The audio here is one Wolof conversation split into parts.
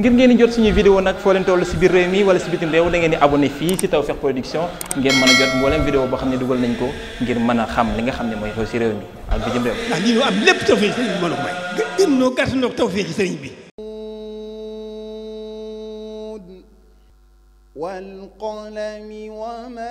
ngir ngeen di jot suñu vidéo nag foo leen si biir réew mi wala si bitim réew da ngeen di abonné fii si Tawfekh Production ngeen mën a jot mboolem vidéo boo xam ne dugal nañ ko ngir mën a xam li nga xam ne mooy xew si réew mi ak bitim réew. ndax lii ñu am lépp a ko may. gën sëriñ bi. wal qalami wa ma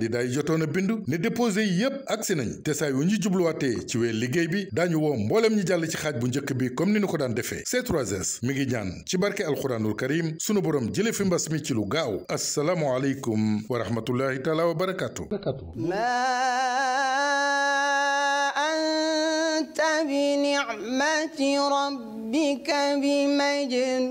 candidat yi jotoon a bindu ne déposé yi yépp agsi nañ te saa ñu jubluwaatee ci weer liggéey bi daañu woo mbooleem ñi jàll ci xaaj bu njëkk bi comme ni ñu ko daan defee c mi ngi ñaan ci barke alxuraanul karim sunu borom jële fi mbas mi ci lu gaaw assalaamu aleykum wa rahmatullahi taala wa barakaatu anta bi ni'mati rabbika bi majnun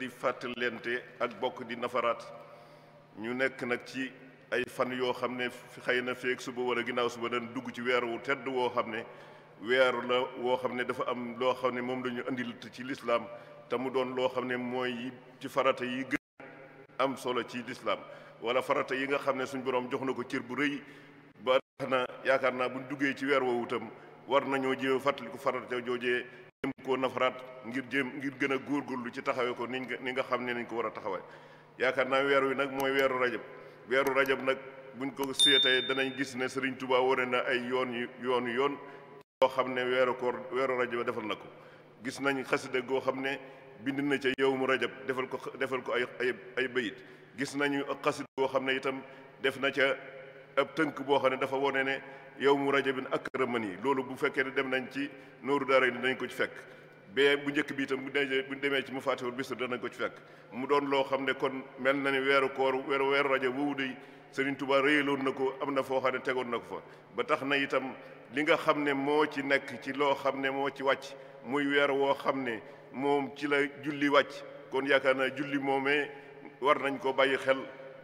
di fàttalente ak bokk di nafaraat ñu nekk nag ci ay fan yoo xam ne xëy na feeg suba wala ginnaaw suba dañ dugg ci weer wu tedd woo xam ne weer la woo xam ne dafa am loo xam ne moom la ñu andil ci lislaam te mu doon loo xam ne mooy ci farata yi gën am solo ci lislaam wala farata yi nga xam ne suñ borom jox na ko cër bu rëy ba tax na yaakaar naa buñ duggee ci weer woowu itam war nañoo jéem fàttaliku farata joojee jéem koo nafaraat ngir jéem ngir gën a góorgóorlu ci taxawee ko niñ ni nga xam ne nañ ko war a taxawee yaakaar naa weer wi nag mooy weeru rajab weeru rajab nag buñ ko seetee danañ gis ne Serigne Touba wane na ay yoon yu yoon yu yoon yoo xam ne weeru koor weeru rajab defal na ko gis nañ xasida goo xam ne bind na ca yow mu rajab defal ko defal ko ay ay ay bayit gis nañu xasida goo xam ne itam def na ca ab tënk boo xam ne dafa wone ne yow mu rajo bi na rajabin akramani loolu bu fekkee ne dem nañ ci nooru daara ni dañ ko ci fekk bee bu njëkk bi itam bu ñu demee ci mu bi bisu danañ ko ci fekk mu doon loo xam ne kon mel na ni weeru koor weeru weeru rajab woowu day Sëriñ Tuubaa réyaloon na ko am na foo xam ne tegoon na ko fa ba tax na itam li nga xam ne moo ci nekk ci loo xam ne moo ci wàcc muy weer woo xam ne moom ci la julli wàcc kon yaakaar naa julli moomee war nañ ko bàyyi xel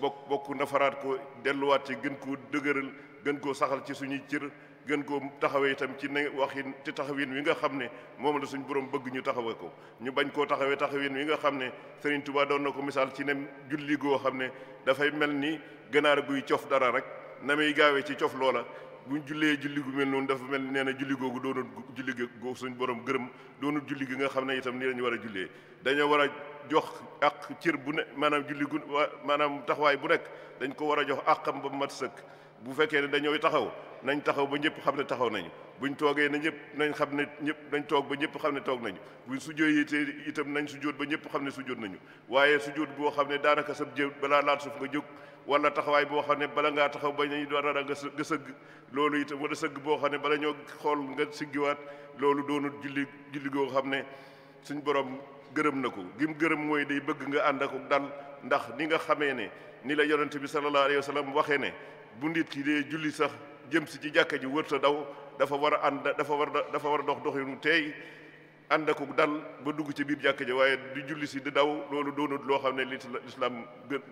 bokk bokk nafaraat ko delluwaat ci gën ko dëgëral gën koo saxal ci suñuy cër gën koo taxawee itam ci ne waxin ci taxawin wi nga xam ne moom la suñu borom bëgg ñu taxawee ko ñu bañ koo taxawee taxawin wi nga xam ne Serigne Touba doon na ko misaal ci ne julli goo xam ne dafay mel ni ganaar guy cof dara rek na muy gaawee ci cof buñ jullee julli gu mel noonu dafa mel nee na julli googu doonul julli googu suñu borom gërëm doonul julli gi nga xam ne itam nii lañu war a jullee dañoo war a jox ak cër bu ne maanaam julli gu maanaam taxawaay bu nekk dañ ko war a jox àqam ba mat sëkk bu fekkee ne dañooy taxaw nañ taxaw ba ñëpp xam ne taxaw nañu buñ toogee ne ñëpp nañ xam ne ñëpp nañ toog ba ñëpp xam ne toog nañu buñ sujjee itam nañ sujjoot ba ñëpp xam ne sujjoot nañu waaye sujjoot boo xam ne daanaka sab jë balaa laal suuf nga jóg wala taxawaay boo xam ne bala ngaa taxaw ba nañu doon nga nga sëgg loolu itam wala sëgg boo xam ne bala ñoo xool nga siggiwaat loolu doonu julli julli goo xam ne suñ borom gërëm na ko gim gërëm mooy day bëgg nga ànd ak dal ndax ni nga xamee ne ni la yonent bi sallallahu alayhi wa sallam waxee ne bu nit ki dee julli sax jëm si ci jàkka ji sa daw dafa war a ànd dafa war dafa war a dox doxinu tey ànd ak dal ba dugg ci biir jàkka ji waaye di julli si di daw loolu doonut loo xam ne lislaam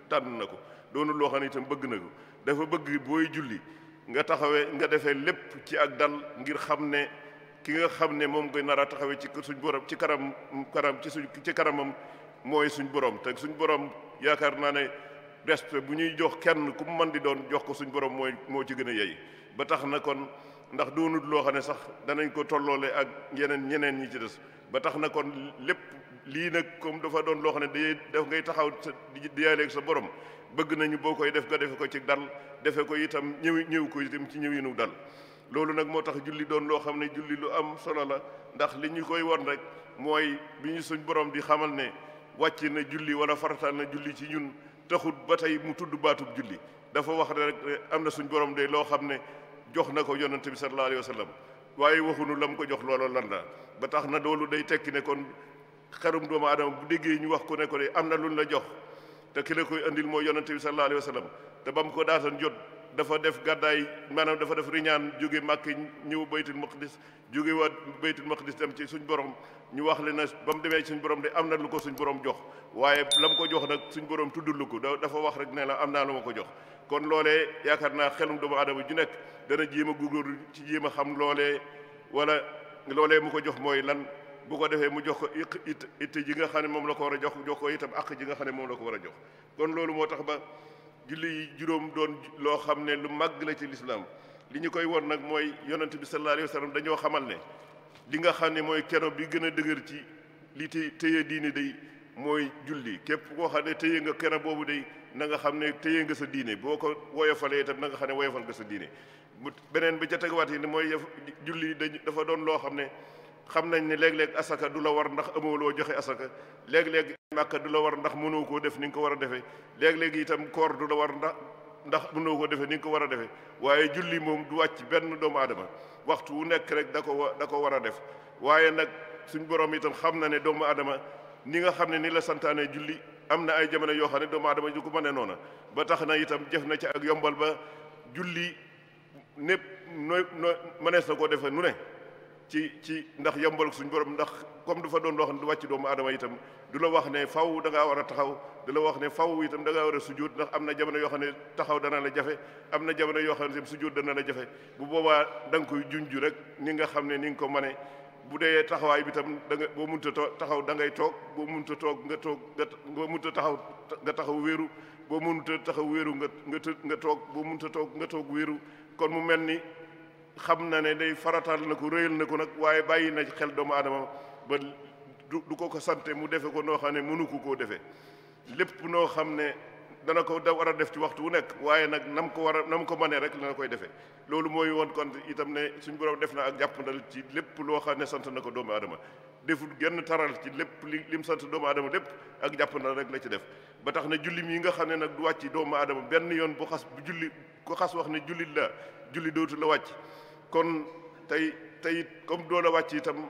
tànn na ko doonut loo xam ne itam bëgg na ko dafa bëgg booy julli nga taxawee nga defee lépp ci ak dal ngir xam ne ki nga xam ne moom nga nar a taxawee ci suñ borom ci karam karam ci suñ ci karamam mooy suñ borom teg suñ borom yaakaar naa ne reste bu ñuy jox kenn ku mu mën di doon jox ko suñu borom mooy moo ci gën a yey ba tax na kon ndax doonut loo xam ne sax danañ ko tolloole ak yeneen ñeneen ñi ci des ba tax na kon lépp lii nag comme dafa doon loo xam ne day def ngay taxaw sa diyaaleeg sa borom bëgg nañu boo koy def nga defe ko ci dal defe ko itam ñëw ñëw ko itam ci ñëwinu dal loolu nag moo tax julli doon loo xam ne julli lu am solo la ndax li ñu koy won rek mooy bi ñu suñ borom di xamal ne wàcc na julli wala farataal na julli ci ñun taxut ba tey mu tudd baatub julli dafa wax ne rek am na suñ borom de loo xam ne jox na ko yonante bi sallallahu alayhi wa sallam waaye waxunu la mu ko jox looloo lan la ba tax na loolu day tekki ne kon xarum doomu aadama bu déggee ñu wax ko ne ko de am na luñ la jox te ki la koy andil mooy yonante bi sallallahu alayhi wa sallam te ba mu ko daatan jot dafa def gàddaay maanaam dafa def riñaan jóge màkki ñëw baytul maqdis jóge waa baytul maqdis tam ci suñ borom ñu wax le ba mu demee suñ borom de am na lu ko suñ borom jox waaye la mu ko jox nag suñ borom tudd lu ko dafa wax rek ne la am naa lu ma ko jox kon loolee yaakaar naa xelum doomu aadama ju nekk dana jéem a ci jéem a xam loolee wala loolee mu ko jox mooy lan bu ko defee mu jox ko it it ji nga xam ne moom la ko war a jox jox itam ak ji nga xam ne moom la ko war a jox kon loolu moo tax ba julli yi juróom doon loo xam ne lu màgg la ci lislaam li ñu koy won nag mooy yonant bi sallallahu alayhi wa dañoo xamal ne li nga xam ne mooy keno bi gën a dëgër ci li te téye diine day mooy julli képp koo xam ne téye nga keno boobu day na nga xam ne téye nga sa diine boo ko woyofalee itam nanga xam ne woyofal nga sa diine beneen bi ca tegawaat yi ne mooy julli dañ dafa doon loo xam ne xam nañ ne léeg-léeg asaka du la war ndax amooloo joxe asaka léeg-léeg màkka du la war ndax mënoo koo def ni nga ko war a defee léeg-léeg koor du la war ndax ndax mënoo koo defee ni nga ko war a defee waaye julli moom du wàcc benn doomu aadama waxtu wu nekk rek da ko da ko war a def waaye nag suñ borom itam xam na ne doomu aadama ni nga xam ne ni la santaanee julli am na ay jamono yoo xam ne doomu aadama du ko mën noona ba tax na itam jëf na ci ak yombal ba julli népp nooy nooy mënees na koo defee nu ne ci ci ndax yombal suñu borom ndax comme du fa doon loo ne du wàcc doomu aadama itam du la wax ne faw da war a taxaw du la wax ne faw itam da ngaa war a sujjóot ndax am na jamono yoo xam ne taxaw dana la jafe am na jamono yoo xam ne sujjóot dana la jafe bu boobaa da nga juñ junju rek ni nga xam ne ni nga ko mane bu dee taxawaay bi tam da nga boo mënta taxaw da ngay toog boo munuta toog nga toog nga boo mënta taxaw nga taxaw wéeru boo mënta taxaw wéeru nga nga nga toog boo mënta toog nga toog wéeru kon mu mel nii xam na ne day faratal na ko réyal na ko nag waaye bàyyi na xel doomu aadama ba du ko ko sante mu defe ko noo xam ne mënu ko koo defee lépp noo xam ne dana ko da war a def ci waxtu wu nekk waaye nag nam ko war a nam ko mënee rek lana koy defee loolu mooy woon kon itam ne suñ borom def na ak jàppandal ci lépp loo xam ne ko doomu aadama deful genn taral ci lépp li lim sant doomu aadama lépp ak jàppandal rek la ci def ba tax na julli mii nga xam ne nag du wàcc doomu aadama benn yoon bu xas bu julli ko xas wax ne jullit la julli dootu la wàcc kon tey tey comme doo la wàcc itam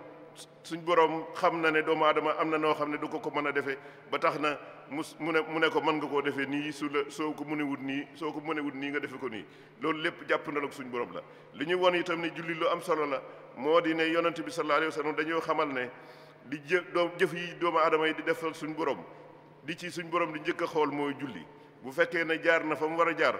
suñ borom xam na ne doomu aadama am na noo xam ne du ko ko mën a defee ba tax na mu mu ne mu ne mën nga koo defee nii su la soo ko mënewut nii soo ko nii nga defe ko nii loolu lépp jàpp na la suñ borom la. li ñuy won itam ne julli lu am solo la moo di ne yonent bi sallallahu alayhi wa sallam dañoo xamal ne di jë doom jëf yi doomu aadama yi di defal suñ borom di ci suñ borom di njëkk a xool mooy julli bu fekkee ne jaar na fa mu war a jaar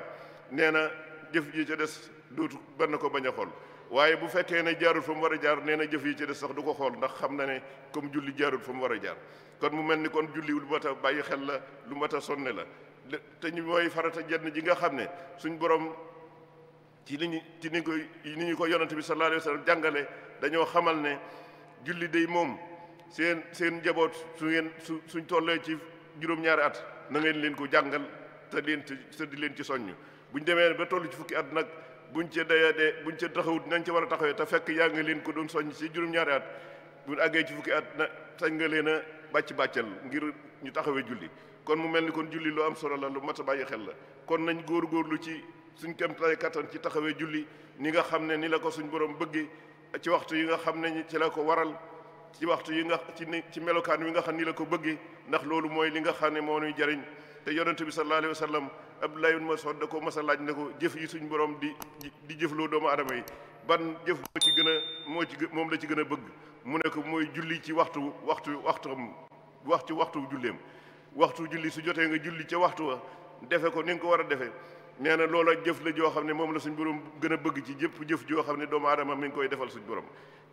nee na jëf ji ca des. dootu ban ko bañ a xool waaye bu fekkee ne jaarul fa mu war a jaar nee na jëf yi ci des sax du ko xool ndax xam na ne comme julli jaarul fa mu war a jaar kon mu mel ni kon julli lu mat a bàyyi xel la lu mat a sonne la te ñu mooy farata jenn ji nga xam ne suñ borom ci ni ñu ci ni koy ni ñu ko yonante bi sallallahu alayhi wa jàngale dañoo xamal ne julli day moom seen seen njaboot su ngeen su suñ tollee ci juróom-ñaari at na ngeen leen ko jàngal te leen te leen ci soññ bu ñu demee ba toll ci fukki at nag bu buñ ca dayadee buñ ca taxawut nañ ci war a taxawee te fekk yaa ngi leen ko doon soññ ci juróom-ñaari at buñ àggee ci fukki at na sañ nga leen a bàcc bàccal ngir ñu taxawee julli kon mu mel ni kon julli lu am solo la lu mat a bàyyi xel la kon nañ góorgóorlu ci suñ kem tay kattan ci taxawee julli ni nga xam ne ni la ko suñ borom bëggee ci waxtu yi nga xam ne ci la ko waral ci waxtu yi nga ci ci melokaan wi nga xam ni la ko bëggee ndax mooy li nga xam ne moo ñuy jariñ te yonente bi sallallahu alayhi wa sallam Abdullah ibn Mas'ud da ko mas a laaj ne ko jëf yi suñu borom di di jëfloo doomu aadama yi ban jëf moo ci gën a moo ci moom la ci gën a bëgg mu ne ko mooy julli ci waxtu waxtu waxtam wax ci waxtu julleem waxtu julli su jotee nga julli ca waxtu wa defe ko ni nga ko war a defee nee na loola jëf la joo xam ne moom la suñ borom gën a bëgg ci jëpp jëf joo xam ne doomu aadama mi ngi koy defal suñ borom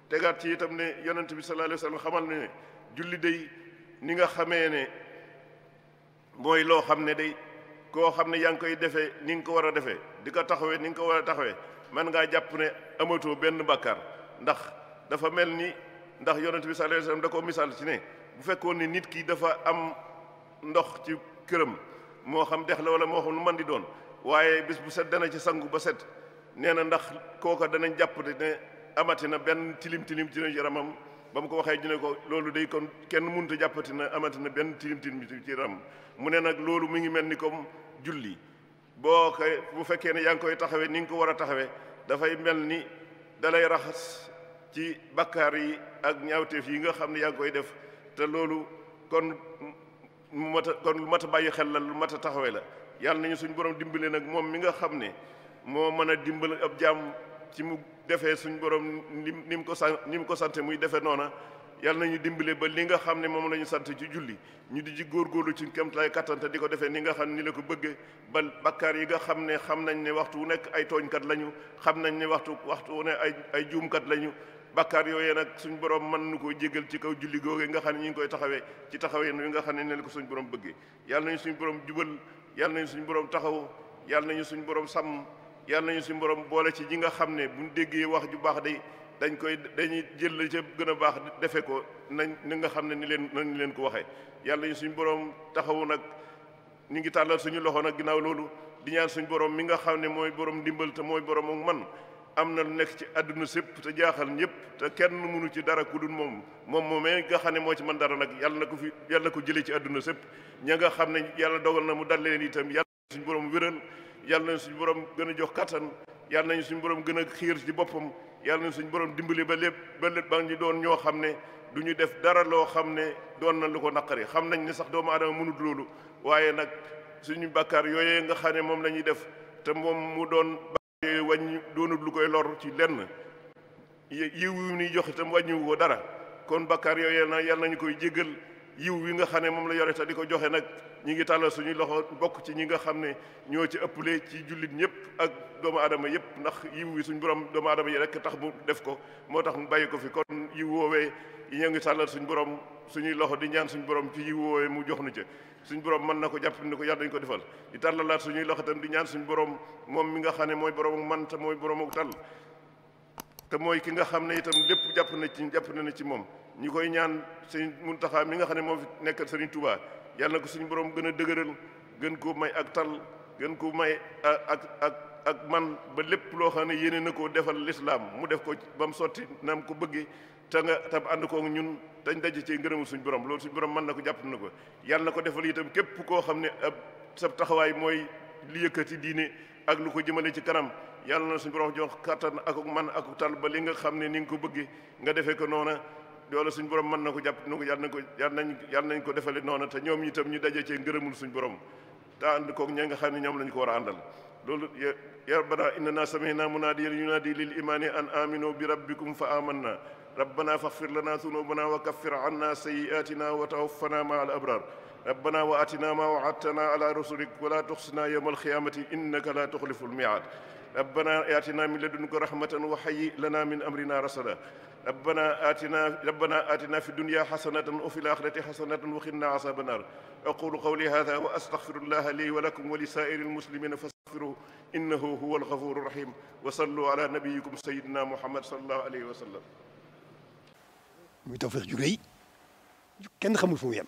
tegaat ci itam ne yonent bi sallallahu alayhi wa sallam xamal ne julli day ni nga xamee ne mooy loo xam ne day koo xam ne yaa ngi koy defee ni nga ko war a defee di ko taxawee ni nga ko war a taxawee man ngaa jàpp ne amatoo benn bàkkaar ndax dafa mel ni ndax yonent bi sallallahu alayhi da ko misaal ci ne bu fekkoon ne nit ki dafa am ndox ci këram moo xam dex la wala moo xam di doon waaye bis bu set dana ci sangu ba set nee na ndax kooka danañ jàpp ne amati na benn tilim tilim ci yaramam ba mu ko waxee ñu ne ko loolu day kon kenn mun a jàppati na amati na benn tilim tilim ci yaram mu ne nag loolu mu ngi mel ni comme julli boo koy bu fekkee ne yaa ngi koy taxawee ni nga ko war a taxawee dafay mel ni dalay raxas ci bakkaar yi ak ñaawteef yi nga xam ne yaa ngi koy def te loolu kon mu mat a kon lu mat a bàyyi xel la lu mat a taxawe la yàlla nañu suñu borom dimbale nag moom mi nga xam ne moo mën a dimbal ab jàmm ci mu defee suñu borom ni ni mu ko sant ni mu ko sante muy defee noona yàlla nañu dimbale ba li nga xam ne moom la sant ci julli ñu di ci góorgóorlu ci kéemtalaay kattan te di ko defee ni nga xam ne ni ko bëggee ba bakkaar yi nga xam ne xam nañ ne waxtu wu nekk ay tooñkat lañu xam nañ ne waxtu waxtu wu ne ay ay juumkat lañu bakkaar yooyee nag suñu borom mën nu ko jégal ci kaw julli googe nga xam ne ñu ngi koy taxawee ci taxaween wi nga xam ne ne la ko suñ borom bëggee yàlla nañu suñu boroom jubal yàlla nañu suñ borom taxaw yàlla nañu suñu borom sàmm yàlla nañu suñ borom boole ci ji nga xam ne bu buñ déggee wax ju baax day dañ koy dañuy jël la ca gën a baax defe ko nañ ni nga xam ne ni leen nañu leen ko waxee yàlla ñu suñu borom taxawu nag ñu ngi tàllal suñu loxo nag ginnaaw loolu di ñaan suñu borom mi nga xam ne mooy borom ndimbal te mooy borom ak man am na lu nekk ci àdduna sépp te jaaxal ñëpp te kenn mënu ci dara ku dul moom moom moomee nga xam moo ci mën dara nag yàlla na ko fi yàlla ko jëlee ci àdduna sépp ña nga xam ne yàlla dogal na mu dal leen itam yàlla suñu borom wéral yàlla nañ suñu borom gën a jox kattan yàlla nañ suñu borom gën a xiir ci boppam yàlla na suñ borom dimbali ba lépp ba lépp ba ñu doon ñoo xam ne du ñu def dara loo xam ne doon na lu ko naqari xam nañ ne sax doomu aadama mënut loolu waaye nag suñu bàkkaar yooyee nga xam ne moom lañuy def te moom mu doon bàkkaar yooyu lu koy lor ci lenn yiw yu ñuy joxe tam wàññiwu dara kon bàkkaar yooyee na yàlla nañu koy jéggal yiw wi nga xam ne moom la yore te di ko joxe nag ñi ngi tàllal suñuy loxo bokk ci ñi nga xam ne ñoo ci ëppale ci jullit ñëpp ak doomu adama yëpp ndax yiw wi suñu borom doomu aadama yi rek tax mu def ko moo tax mu bàyyi ko fi kon yiw woowee ñoo ngi tàllal suñu borom suñuy loxo di ñaan suñu borom ci yiw woowee mu jox nu ca suñu borom mën na ko jàpp ni ko yàlla dañ ko defal di tàllalaat suñuy loxo itam di ñaan suñu borom moom mi nga xam ne mooy borom man te mooy borom ak tàll te mooy ki nga xam ne itam lépp jàpp na ci jàpp na ci moom ñi koy ñaan mun taxaam mi nga xam ne moom fi nekkal sëriñ Tuubaa yàlla na ko suñu borom gën a dëgëral gën koo may ak tal gën koo may ak ak ak man ba lépp loo xam ne yéene na koo defal lislaam mu def ko ba mu sotti na mu ko bëggee te nga tam ànd koog ñun dañ daje ci ngërëmu suñu borom loolu suñu borom man na ko jàpp na ko yàlla na ko defal itam képp koo xam ne ab sa taxawaay mooy li yëkkati diine ak lu ko jëmale ci kanam yàlla na suñu borom jox kattan ak man ak tal ba li nga xam ne ni nga ko bëggee nga defee ko noona loola suñ borom mën na ko jàpp na ko yàlla nañ ko yàlla nañ yàlla nañ ko defale noonu te ñoom itam ñu daje cee ngërëmul suñ borom te ànd koog ña nga xam ne ñoom lañ ko war a àndal loolu ya rabbana innana samina munadiyan yunadi lil imani an aminu bi rabbikum fa amanna rabbana faghfir lana dhunubana wa kaffir anna sayyi'atina wa tawaffana ma'al abrar rabbana wa atina ma wa'adtana ala rusulik wa la tukhzina yawmal qiyamati innaka la tukhliful mi'ad rabbana atina min ladunka rahmatan wa hayyi lana min amrina rasada ربنا آتنا ربنا آتنا في الدنيا حسنة وفي الآخرة حسنة وقنا عذاب النار أقول قولي هذا وأستغفر الله لي ولكم ولسائر المسلمين فاستغفروه إنه هو الغفور الرحيم وصلوا على نبيكم سيدنا محمد صلى الله عليه وسلم muy tawfeex ju rëy kenn xamul fu mu yem